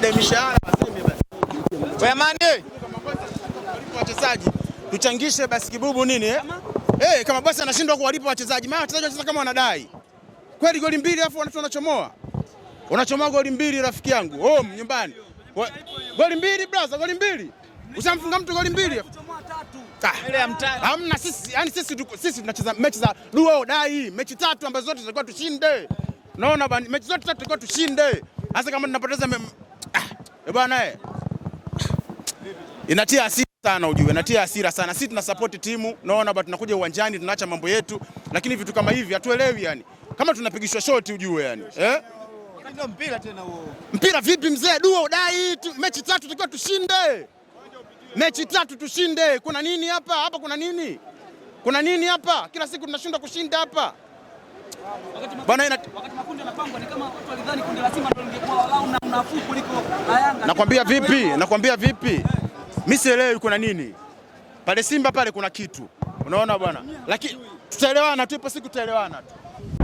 Mishahara jamani, wachezaji tuchangishe basi kibubu nini eh? Hey, eh, kama basi anashindwa kuwalipa wachezaji, maana wachezaji wanacheza kama wanadai kweli. Goli mbili afu watu wanachomoa, unachomoa goli mbili rafiki yangu home oh, nyumbani, goli mbili brother, goli mbili Usamfunga mtu goli mbili ah, hamna. Sisi yani sisi sisi tunacheza mechi za duo dai, mechi tatu ambazo zote zilikuwa tushinde, unaona bana, mechi zote tatu tulikuwa tushinde, hasa kama tunapoteza Eh bwana eh. Inatia hasira sana ujue, inatia hasira sana. Sisi tuna support timu, naona bado tunakuja uwanjani tunaacha mambo yetu, lakini vitu kama hivi hatuelewi yani. Kama tunapigishwa shoti ujue yani. Eh? Ndio mpira tena huo. Mpira vipi mzee? Dua udai mechi tatu tukiwa tushinde. Mechi tatu tushinde. Kuna nini hapa? Hapa kuna nini? Kuna nini hapa? Kila siku tunashindwa kushinda hapa nakwambia vipi, nakwambia vipi mi sielewi yuko na nini pale Simba pale, kuna kitu unaona bwana, lakini tutaelewana tu, ipo siku tutaelewana tu.